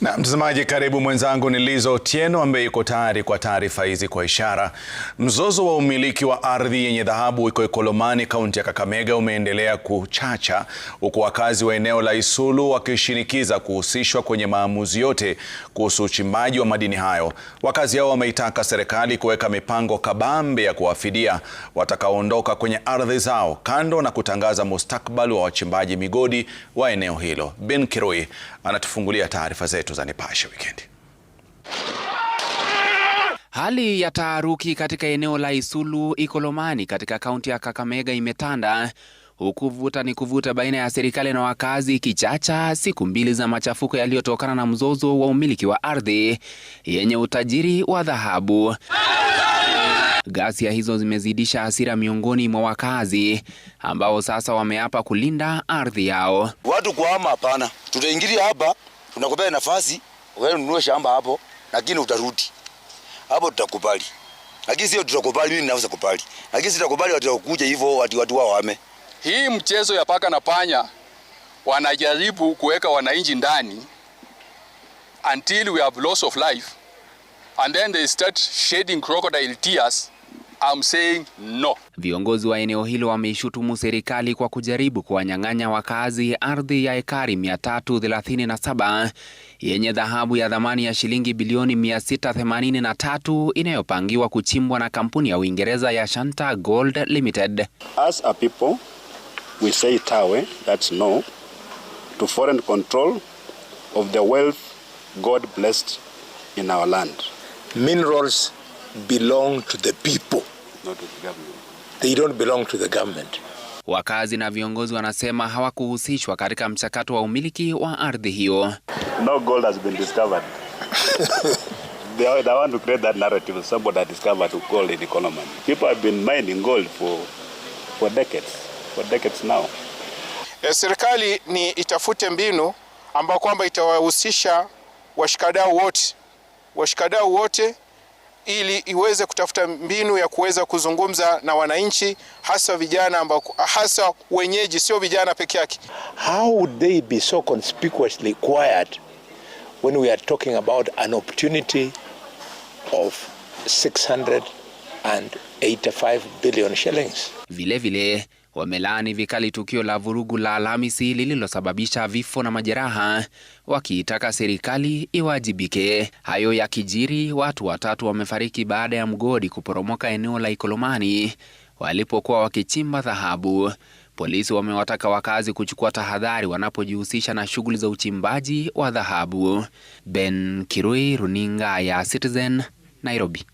Na mtazamaji, karibu mwenzangu ni Lizo Tieno ambaye yuko tayari kwa taarifa hizi kwa ishara. Mzozo wa umiliki wa ardhi yenye dhahabu iko Ikolomani, kaunti ya Kakamega umeendelea kuchacha huku wakazi wa eneo la Isulu wakishinikiza kuhusishwa kwenye maamuzi yote kuhusu uchimbaji wa madini hayo. Wakazi hao wameitaka serikali kuweka mipango kabambe ya kuwafidia watakaoondoka kwenye ardhi zao, kando na kutangaza mustakbal wa wachimbaji migodi wa eneo hilo. Ben Kirui anatufungulia taarifa zetu zetu za Nipashe Wikendi. Hali ya taharuki katika eneo la Isulu Ikolomani katika kaunti ya Kakamega imetanda huku vuta ni kuvuta baina ya serikali na wakazi kichacha siku mbili za machafuko yaliyotokana na mzozo wa umiliki wa ardhi yenye utajiri wa dhahabu. Ghasia hizo zimezidisha hasira miongoni mwa wakazi ambao sasa wameapa kulinda ardhi yao. Watu kuhama, hapana, tutaingilia hapa tunakupea nafasi ununue shamba hapo, lakini utarudi hapo, tutakubali. Lakini sio tutakubali, mimi ninaweza kubali, lakini sitakubali watu wakuja hivyo, watu watu wao wame hii mchezo ya paka na panya, wanajaribu kuweka wananchi ndani until we have loss of life and then they start shedding crocodile tears I'm saying no. Viongozi wa eneo hilo wameishutumu serikali kwa kujaribu kuwanyang'anya wakazi ardhi ya ekari 337 yenye dhahabu ya thamani ya shilingi bilioni 683 inayopangiwa kuchimbwa na kampuni ya Uingereza ya Shanta Gold Limited. As a people, we say tawe, that's no, to foreign control of the wealth God blessed in our land. Minerals belong to the people not government. They don't belong to the government. Wakazi na viongozi wanasema hawakuhusishwa katika mchakato wa umiliki wa ardhi hiyo. No gold has been discovered. They to create that narrative. Somebody discovered gold in People have been mining gold for, for decades, for decades now. Eh, serikali ni itafute mbinu ambayo kwamba itawahusisha washikadau wote, washikadau wote ili iweze kutafuta mbinu ya kuweza kuzungumza na wananchi hasa vijana ambao hasa wenyeji, sio vijana peke yake. How would they be so conspicuously quiet when we are talking about an opportunity of 685 billion shillings? Vile vile wamelaani vikali tukio la vurugu la Alhamisi lililosababisha vifo na majeraha, wakiitaka serikali iwajibike. Hayo yakijiri, watu watatu wamefariki baada ya mgodi kuporomoka eneo la Ikolomani walipokuwa wakichimba dhahabu. Polisi wamewataka wakazi kuchukua tahadhari wanapojihusisha na shughuli za uchimbaji wa dhahabu. Ben Kirui, runinga ya Citizen, Nairobi.